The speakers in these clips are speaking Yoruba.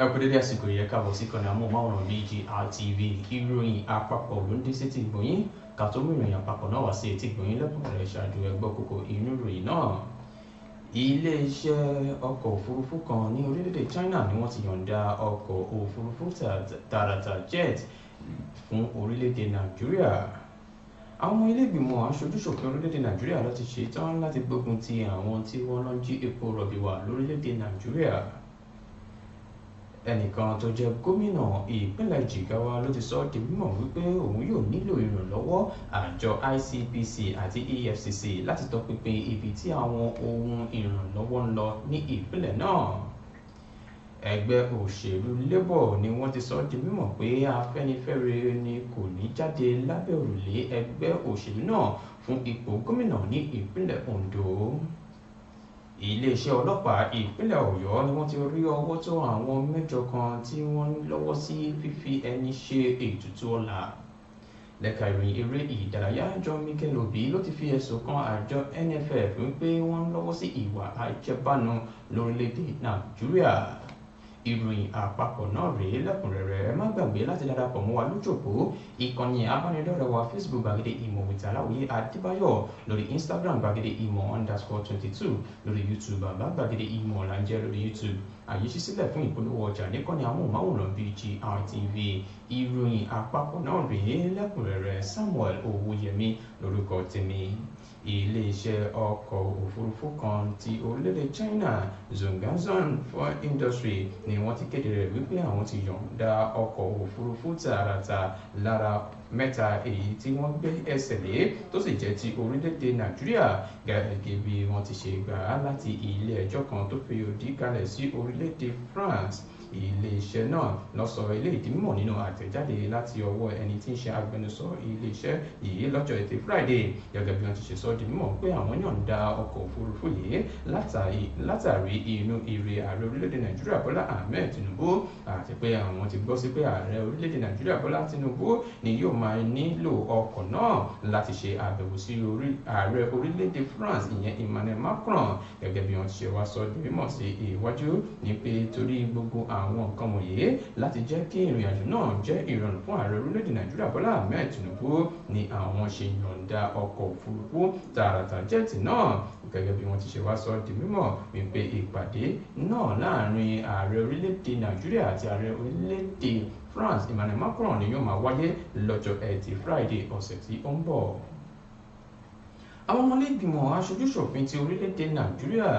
ẹ kú dédé àsìkò yẹ káàbọ̀ sí kan ní amóhùnmáwòrán BGI TV ìròyìn àpapọ̀ ló ń dé sí ti gbòyìn ká tó mú ìròyìn àpapọ̀ náà wá sí etí gbòyìn lẹ́kùnrin ṣáájú ẹgbọ́ kókó inú ìròyìn náà iléeṣẹ́ ọkọ̀ òfurufú kan ní orílẹ̀-èdè China ni wọ́n ti yọ̀ǹda ọkọ̀ òfurufú tààràtà jet fún orílẹ̀-èdè Nàìjíríà àwọn ọmọ ilé ìgbìmọ̀ aṣojúṣòfin orílẹ̀-èdè nàìjíríà ló ti ṣetán láti gbógun ti àwọn tí wọ́n lọ ń jí epo rọ̀bì wà lórílẹ̀-èdè nàìjíríà ẹnìkan tó jẹ́ gómìnà ìpínlẹ̀ jigawa ló ti sọ ọ́ di mímọ̀ wípé òun yóò nílò ìrànlọ́wọ́ àjọ ICPC àti EFCC láti tọpinpin ibi tí àwọn ohun ìrànlọ́wọ́ ń lọ ní ìpínlẹ̀ náà ẹgbẹ́ òṣèlú labour ni wọ́n ti sọ di mímọ̀ pé afẹ́nifẹ́re ni kò ní jáde lábẹ́ òrùlé ẹgbẹ́ òṣèlú náà fún ipò gómìnà ní ìpínlẹ̀ ondo iléeṣẹ́ ọlọ́pàá ìpínlẹ̀ ọ̀yọ́ ni wọ́n ti rí ọwọ́ tó àwọn mẹ́jọ kan tí wọ́n ń lọ́wọ́ sí fífi ẹni ṣe ètùtù ọ̀la lẹ́ka ìròyìn eré ìdárayá john mikel obi ló ti fi ẹ̀sùn kan àjọ nff wípé wọ́n ń lọ́wọ́ sí ìwà àjẹbánu lórílẹ̀‐èdè nàìjíríà ìròyìn àpapọ̀ náà rèé lẹ́kùnrẹ́rẹ́ ẹ má gbàgbé láti darapọ̀ mọ́ wa lójú òpó ìkànnì abánidọ́rẹ̀ẹ́ wa facebook gbàgede ìmọ̀ with aláwòye adébáyọ̀ lórí instagram gbàgede ìmọ̀ underscore twenty two lórí youtube bàbá gbàgede ìmọ̀ ọ̀làjẹ́ lórí youtube àyè ṣí sílẹ̀ fún ìpolówó ọjà níkànnì amóhùnmáwòrán BGRTV ìròyìn àpapọ̀ náà rèé lẹ́kùnrẹ́rẹ́ Samuel Owóyẹmí lórúkọ tèmi iléeṣẹ́ ọkọ̀ òfurufú kan ti orílẹ̀-èdè China Zhongazhan for Industry ni wọ́n ti kéde rẹ̀ wípé àwọn ti yọ̀ǹda ọkọ̀ òfurufú tààràtà lára mẹ́ta èyí tí wọ́n gbé ẹsẹ̀ lé tó sì jẹ́ ti orílẹ̀-èdè nàìjíríà gẹ́gẹ́ bí wọ́n ti ṣe gbà á láti ilé ẹjọ́ kan tó fi òdì kalẹ̀ sí orílẹ̀-èdè France iléeṣẹ́ náà lọ sọ ilé ìdímọ̀ nínú àtẹ̀jáde láti ọwọ́ ẹni tí ń ṣe agbẹnusọ iléeṣẹ́ yìí lọ́jọ́ ẹtì Friday gẹ́gẹ́ bí wọ́n ti ṣe sọ di mímọ̀ pé àwọn yọ̀ǹda ọkọ̀ òfurufú yìí látàrí inú ire ààrẹ orílẹ̀-èdè Nàìjíríà Bọ́lá Ahmed Tinubu àti pé àwọn ti gbọ́ sí pé ààrẹ orílẹ̀-èdè Nàìjíríà Bọ́lá Tinubu ni yóò máa nílò ọkọ̀ náà láti ṣe àbẹ̀wò sí ààrẹ orílẹ̀-èdè France ìyẹn Emmanuel Macron gẹ́gẹ́ bí wọ́n ṣe wá sọ di mímọ̀ sí iwájú ní pé torí gbogbo àwọn nǹkan wọ̀nyí láti jẹ́ kí ìrìn àjò náà jẹ́ ìrọ̀rùn fún ààrẹ orílẹ̀-èdè Nàìjíríà Bọ́lá Ahmed Tinubu ni àwọn ṣe yọ̀ǹda ọkọ̀ òfurufú tààràtà jẹ́ẹ̀tì náà gẹ́gẹ́ bí wọ́n ti ṣe wá sọ di mímọ̀ wípé ìpàdé náà láàrin ààrẹ orílẹ̀-èdè nàìjíríà àti ààrẹ orílẹ̀-èdè France Emmanuel Macron ni yóò máa wáyé lọ́jọ́ ẹtì Friday ọ̀sẹ̀ tí ó ń bọ̀ àwọn ọmọlé ìgbìmọ̀ aṣojúṣòfin ti orílẹ̀-èdè nàìjíríà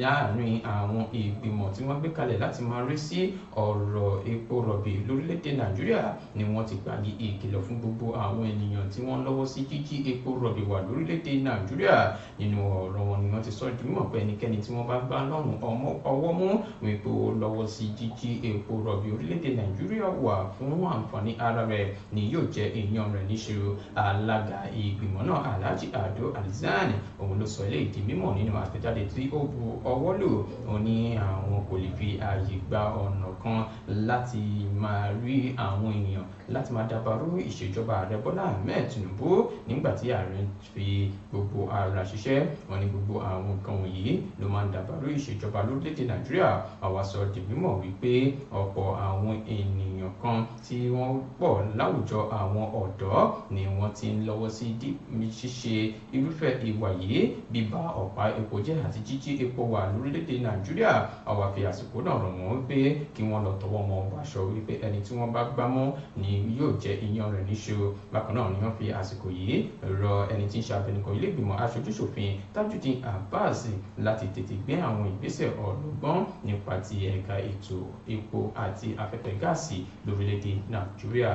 láàrin àwọn ìgbìmọ̀ tí wọ́n gbé kalẹ̀ láti máa rí sí ọ̀rọ̀ epo rọ̀bì lórílẹ̀-èdè nàìjíríà ni wọ́n ti parí ìkìlọ̀ fún gbogbo àwọn ènìyàn tí wọ́n lọ́wọ́ sí jíjí epo rọ̀bì wà lórílẹ̀-èdè nàìjíríà nínú ọ̀rọ̀ wọn ni wọ́n ti sọ di mímọ̀ pé ẹnikẹ́ni tí wọ́n bá gbá lọ́rùn ọwọ́ mú wípé ó lọ́wọ́ sí jíjí epo rọ̀bì orílẹ̀-èdè nàìjíríà wà fún àǹfààní ni yóò jẹ́ èèyàn rẹ̀ níṣẹ́ ìgbìmọ̀ náà alhaji ado alizani òun ló sọ eléyìí di mímọ̀ nínú àtẹ̀jáde tí ó bu ọwọ́ lò òun ní àwọn kò lè fi ààyè gba ọ̀nà kan láti máa rí àwọn èèyàn láti máa dàbàrú ìṣèjọba ààrẹ bọ́lá ahmed tinubu nígbà tí ààrẹ fi gbogbo ara ṣiṣẹ́ wọn ní gbogbo àwọn nǹkan wọ̀nyí ló máa ń dàbàrú ìṣèjọba lórílẹ̀‐èdè nàìjíríà àwa sọ di mímọ̀ wípé ọ̀pọ̀ àwọn ènìyàn kan tí wọ́n pọ̀ láwùjọ àwọn ọ̀dọ́ ni wọ́n ti ń lọ́wọ́ sí díp ṣíṣe irúfẹ́ ìwà yìí bíbá ọ̀pá epo jẹ́ àti jíjí epo wà lórílẹ̀‐èdè nàìjíríà àwa fi àsìkò náà rọ̀ wọ́n pé kí wọ́n lọ tọwọ́ mọ aṣọ wípé ẹni tí wọ́n bá gbá mọ́ ni yóò jẹ iyán rẹ̀ níṣó bákan náà ni wọ́n fi àsìkò yìí rọ ẹni tí ń ṣe abẹnugan ilé ìgbìmọ̀ aṣojúṣòfin tajudeen abbas láti tètè gbé àwọn ìgbésẹ̀ ọlọ́gbọ́n nípa ti ẹ̀ka ètò epo àti afẹ́fẹ́ gáàsì lórílẹ̀‐èdè nàìjíríà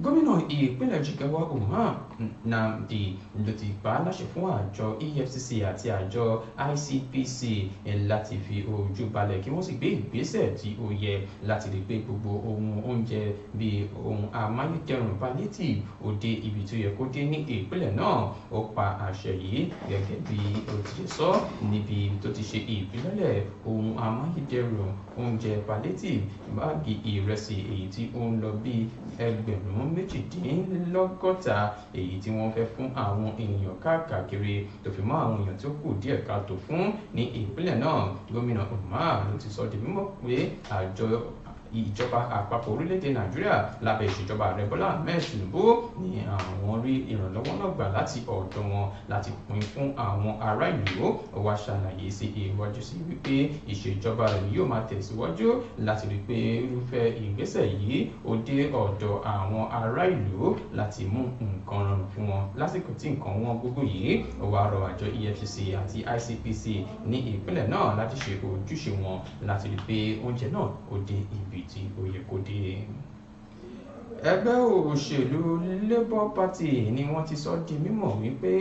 gómìnà ìpínlẹ̀ jigawa umar nnamdi ló ti pa á láṣẹ fún àjọ efcc àti àjọ icpc láti fi ojú balẹ̀ kí wọ́n sì gbé ìgbésẹ̀ tí ó yẹ láti lè gbé gbogbo ohun oúnjẹ bíi ohun amáyédẹrùn palliative ó dé ibi tó yẹ kó dé ní ìpínlẹ̀ náà ó pa àṣẹ yìí gẹ́gẹ́ bí ó ti sọ níbi tó ti ṣe ìfilọ́lẹ̀ ohun amáyédẹrùn oúnjẹ palliative báàgì ìrẹsì èyí tí ó ń lọ bíi ẹgbẹ̀rún ẹgbẹ̀rún méjìdínlọ́gọ́ta èyí tí wọ́n fẹ́ fún àwọn ènìyàn káàkiri tó fi mọ́ àwọn èèyàn tó kù díẹ̀ káàtó fún ní ìpínlẹ̀ náà gómìnà Umar ló ti sọ di mímọ̀ pé àjọ ìjọba àpapọ̀ orílẹ̀-èdè nàìjíríà lábẹ́ ìṣèjọba ààrẹ bọ́lá ahmed tinubu ni àwọn rí ìrànlọ́wọ́ náà gbà láti ọ̀dọ̀ wọn láti pín fún àwọn ará ìlú wa ṣàlàyé sí iwájú sí wípé ìṣèjọba rẹ̀ yóò máa tẹ̀síwájú láti rí pé irúfẹ́ ìgbésẹ̀ yìí ó dé ọ̀dọ̀ àwọn ará ìlú láti mú nǹkan rọrùn fún wọn lásìkò tí nǹkan wọn gbogbo yìí wà rọ àjọ efcc àti icpc ní ìpínlẹ̀ náà láti ṣe ojúṣe wọn láti rí pé oúnjẹ náà ó dé ibi ီကြီးကိုယခုတည် ẹgbẹ́ òṣèlú labour party ni wọ́n ti sọ di mímọ̀ wípé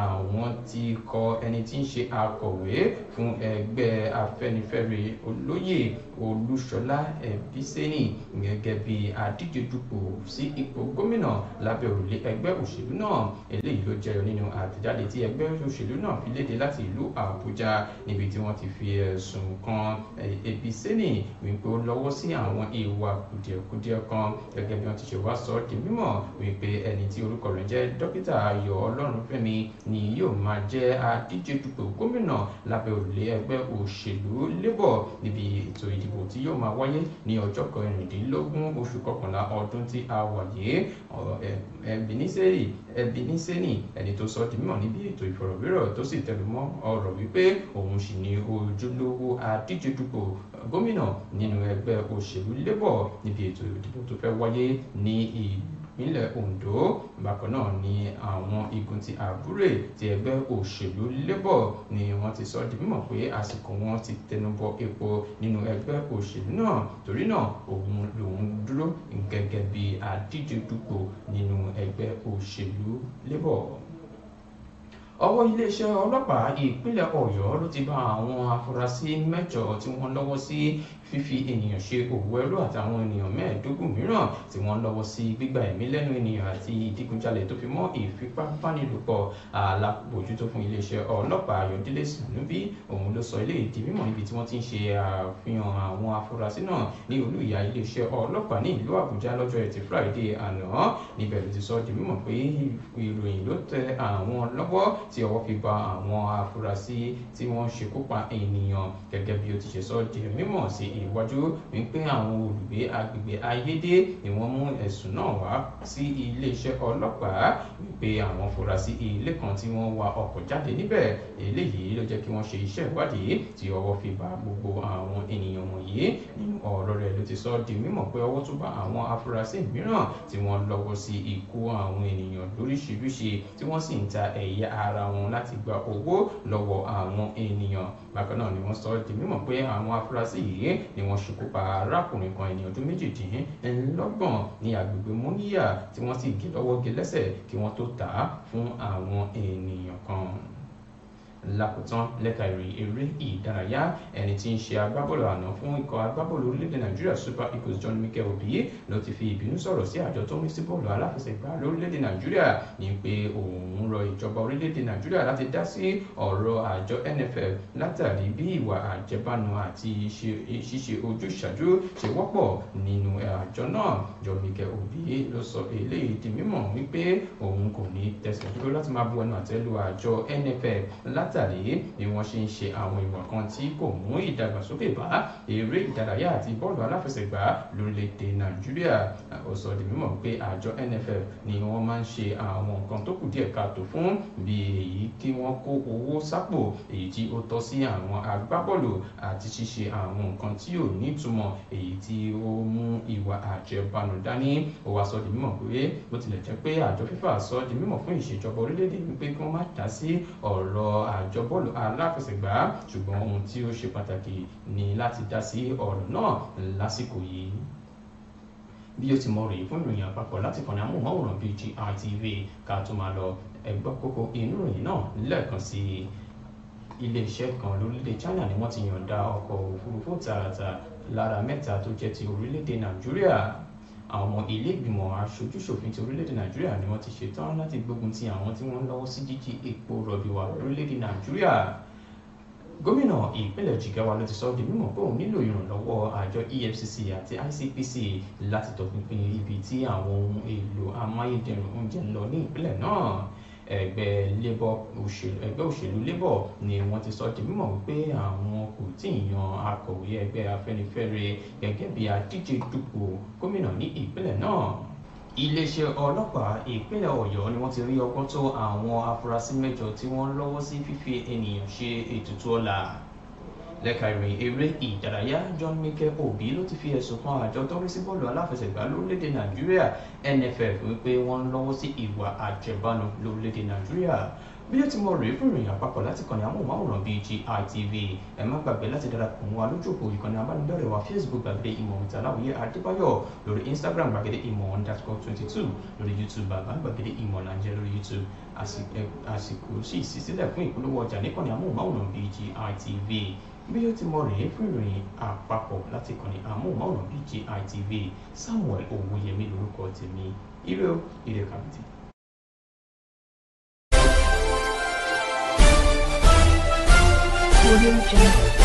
àwọn ti kọ ẹni tí ń ṣe akọ̀wé fún ẹgbẹ́ afẹ́nifẹ́re olóyè olúṣọlá ẹbísẹ́nì gẹ́gẹ́ bí adíje dupò sí ipò gómìnà lábẹ́ òrùlé ẹgbẹ́ òṣèlú náà eléyìí ló jẹyọ nínú àtẹ̀jáde tí ẹgbẹ́ òṣèlú náà fi léde láti ìlú àbújá níbi tí wọ́n ti fi ẹ̀sùn kan ẹbísẹ́nì wípé ó lọ́wọ́ sí àwọn ìwà kùdìẹ̀kudiẹ kan gẹ́gẹ́ bí wọ́n ti ṣẹ̀ṣẹ̀ wá sọ di mímọ̀ wípé ẹni tí orúkọ rẹ̀ jẹ́ dókítà ayọ̀ ọlọ́runfẹ́mi ni yóò máa jẹ́ adíje dupò gómìnà lábẹ́ òrùlé ẹgbẹ́ òṣèlú labour níbi ètò ìdìbò tí yóò máa wáyé ní ọjọ́ kẹrìndínlógún oṣù kọkànlá ọdún tí a wà yìí Ebeneseri Ebeneseni ẹni tó sọ di mímọ̀ níbi ètò ìfọ̀rọ̀wérọ̀ tó sì tẹnumọ́ ọ̀rọ̀ wípé òun sì ni ojúlówó adíje dupò gómìnà nínú ẹgbẹ́ òṣèlú Labour níbi ètò ìdìbò tó fẹ́ wáyé ní ìlú ìpínlẹ̀ Ondo bákan náà ni àwọn igun ti àbúrè ti ẹgbẹ́ òṣèlú Labour ni wọ́n ti sọ di mímọ̀ pé àsìkò wọn ti tẹnubọ epo nínú ẹgbẹ́ òṣèlú náà torí náà òun lòun dúró gẹ́gẹ́ bí adíje nínú ẹgbẹ́ òṣèlú Labour ọwọ́ iléeṣẹ́ ọlọ́pàá ìpínlẹ̀ ọ̀yọ́ ló ti bá àwọn afurasí mẹ́jọ tí wọ́n lọ́wọ́ sí fífi ènìyàn ṣe òwò ẹrú àtàwọn ènìyàn mẹ́ẹ̀ẹ́dógún mìíràn tí wọ́n lọ́wọ́ sí gbígba ẹ̀mí lẹ́nu ènìyàn àti ìdígunjalè tó fi mọ́ ìfipábánilòpọ̀ alábòjútó fún iléeṣẹ́ ọlọ́pàá ayọ̀délé sànúbí òun ló sọ ilé ìdí mímọ̀ níbi tí wọ́n ti ń ṣe àfihàn àwọn afurasí náà ní olú ìyá iléeṣẹ́ ọlọ́pàá ní ìlú àbújá lọ́jọ́ ẹtì friday àná níbẹ̀ ló ti sọ di mímọ̀ pé ìròyìn ló tẹ àwọn lọ́wọ́ tí ọwọ́ fi ba àwọn afurasí tí wọ́n ṣekúpa ènìyàn gẹ́gẹ́ bí ó ti ṣe sọ di mímọ̀ sí iwájú wípé àwọn olùgbé agbègbè ayédè ni wọ́n mú ẹ̀sùn náà wá sí iléeṣẹ́ ọlọ́pàá wípé àwọn afurasí ilé kan tí wọ́n wa ọkọ̀ jáde níbẹ̀ eléyìí ló jẹ́ kí wọ́n ṣe iṣẹ́ ìwádìí tí ọwọ́ fi ba gbogbo àwọn ènìyàn wọ̀nyí nínú ọ̀rọ̀ rẹ̀ ló ti sọ di mímọ̀ pé ọwọ́ tún bá àwọn afurasí mìíràn tí wọ́n lọ́wọ́ sí ikú àwọn ènìyàn lóríṣiríṣi tí wọ́n sì ń ta ẹ̀yà ara ara wọn láti gba owó lọ́wọ́ àwọn ènìyàn bákan náà ni wọ́n sọ di mímọ̀ pé àwọn afurasí yìí ni wọ́n ṣekú pa arákùnrin kan ẹni ọdún méjìdínlọ́gbọ̀n ní agbègbè múníyà tí wọ́n sì gé lọ́wọ́ gé lẹ́sẹ̀ kí wọ́n tó tà á fún àwọn ènìyàn kan lákòótán lẹ́ka ìròyìn eré ìdárayá ẹni tí ń ṣe agbábọ́ọ̀lù àná fún ikọ̀ agbábọ́ọ̀lù orílẹ̀-èdè nàìjíríà super eagles john mikel obiye ló ti fi ìbínú sọ̀rọ̀ sí àjọ tó ń rí sí bọ́ọ̀lù aláfẹsẹ̀gbá lórílẹ̀-èdè nàìjíríà ní pé òun rọ ìjọba orílẹ̀-èdè nàìjíríà láti dá sí ọ̀rọ̀ àjọ nff látàrí bí ìwà àjẹbánu àti ṣíṣe ojúṣàjú ṣe wọ́pọ̀ nínú àjọ náà john mikel obiye ló sọ eléyìí di mímọ̀ wípé òun kò ní tẹsẹ̀ dúró láti máa bu ẹnu àtẹ́lu àjọ nff láti látàrí ni wọ́n ṣe ń ṣe àwọn ìwà kan tí kò mú ìdàgbàsókè bá eré ìdárayá àti bọ́ọ̀lù aláfẹsẹ̀gbá lórílẹ̀‐èdè nàìjíríà ó sọ di mímọ̀ pé àjọ nff ni wọ́n máa ń ṣe àwọn nǹkan tó kù díẹ̀ káàtó fún bí èyí kí wọ́n kó owó sápò èyí tí ó tọ́ sí àwọn agbábọ́ọ̀lù àti ṣíṣe àwọn nǹkan tí ò nítumọ̀ èyí tí ó mú ìwà àjẹbánu dání ó wá sọ di mímọ̀ pé bó tilẹ̀ jẹ́ pé àjọ fífà sọ di mímọ̀ fún ìṣèjọba orílẹ̀-èdè wípé kí wọ́n má dá sí ọ̀rọ̀ àj àjọ bọ́ọ̀lù aláfẹsẹ̀gbá ṣùgbọ́n ohun tí ó ṣe pàtàkì ni láti dá sí ọ̀rọ̀ náà lásìkò yìí bí ó ti mọ rèé fún ìròyìn àpapọ̀ láti kàn ní amóhùnmáwòrán BGI TV ká tó máa lọ ẹgbọ́ kókó inú ìròyìn náà lẹ́ẹ̀kan sí i iléeṣẹ́ kan lórílẹ̀-èdè China ni wọ́n ti yọ̀ǹda ọkọ̀ òfurufú tààràtà lára mẹ́ta tó jẹ́ ti orílẹ̀-èdè Nàìjíríà àwọn ọmọ ilé ìgbìmọ̀ aṣojúṣòfin ti orílẹ̀-èdè nàìjíríà ni wọ́n ti ṣetán láti gbógun ti àwọn tí wọ́n ń lọ́wọ́ sí jíjí epo rọ̀bì wà lórílẹ̀-èdè nàìjíríà gómìnà ìpínlẹ̀ jigawa ló ti sọ di mímọ̀ pé òun nílò ìrànlọ́wọ́ àjọ efcc àti icpc láti tọpinpin ibi tí àwọn ohun èlò amáyédẹrùn oúnjẹ ń lọ ní ìpínlẹ̀ náà ẹgbẹ́ labour òṣèlú ẹgbẹ́ òṣèlú labour ni wọ́n ti sọ di mímọ̀ wípé àwọn kò tí ì yan akọ̀wé ẹgbẹ́ afẹ́nifẹ́re gẹ́gẹ́ bí adíje dupò gómìnà ní ìpínlẹ̀ náà iléeṣẹ́ ọlọ́pàá ìpínlẹ̀ ọ̀yọ́ ni wọ́n ti rí ọgbọ́n tó àwọn afurasí mẹ́jọ tí wọ́n lọ́wọ́ sí fífi ènìyàn ṣe ètùtù ọ̀la lẹ́ka ìròyìn eré ìdárayá John Mikel Obi ló ti fi ẹ̀sùn kan àjọ tó rí sí bọ́ọ̀lù aláfẹsẹ̀gbá lórílẹ̀‐èdè Nàìjíríà NFF wípé wọ́n ń lọ́wọ́ sí ìwà àjẹbánu lórílẹ̀‐èdè Nàìjíríà bí ó ti mọ rèé fún ìròyìn àpapọ̀ láti kàn ní amóhùnmáwòrán BGI TV ẹ má gbàgbé láti darapọ̀ mọ́ wa lójú òpó ìkànnì abánidọ́rẹ̀ẹ́ wa Facebook gbàgede ìmọ̀ ìta aláwòye adébáyọ̀ lórí Instagram gbàgede ìmọ̀ underscore twenty two lórí YouTube bàbá gbàgede ìmọ̀ nàìjẹ́ lórí YouTube àsìkò sì sísílẹ̀ fún ìpolówó ọjà níkànnì amóhùnmáwòrán BGI TV bí yóò ti mọ rèé fún ìròyìn àpapọ̀ láti kànnì àmóhùnmáwòrán BGI TV Samuel Owóyẹmí lórúkọ tèmi ire o ire kàbìtì. Audio Jungle.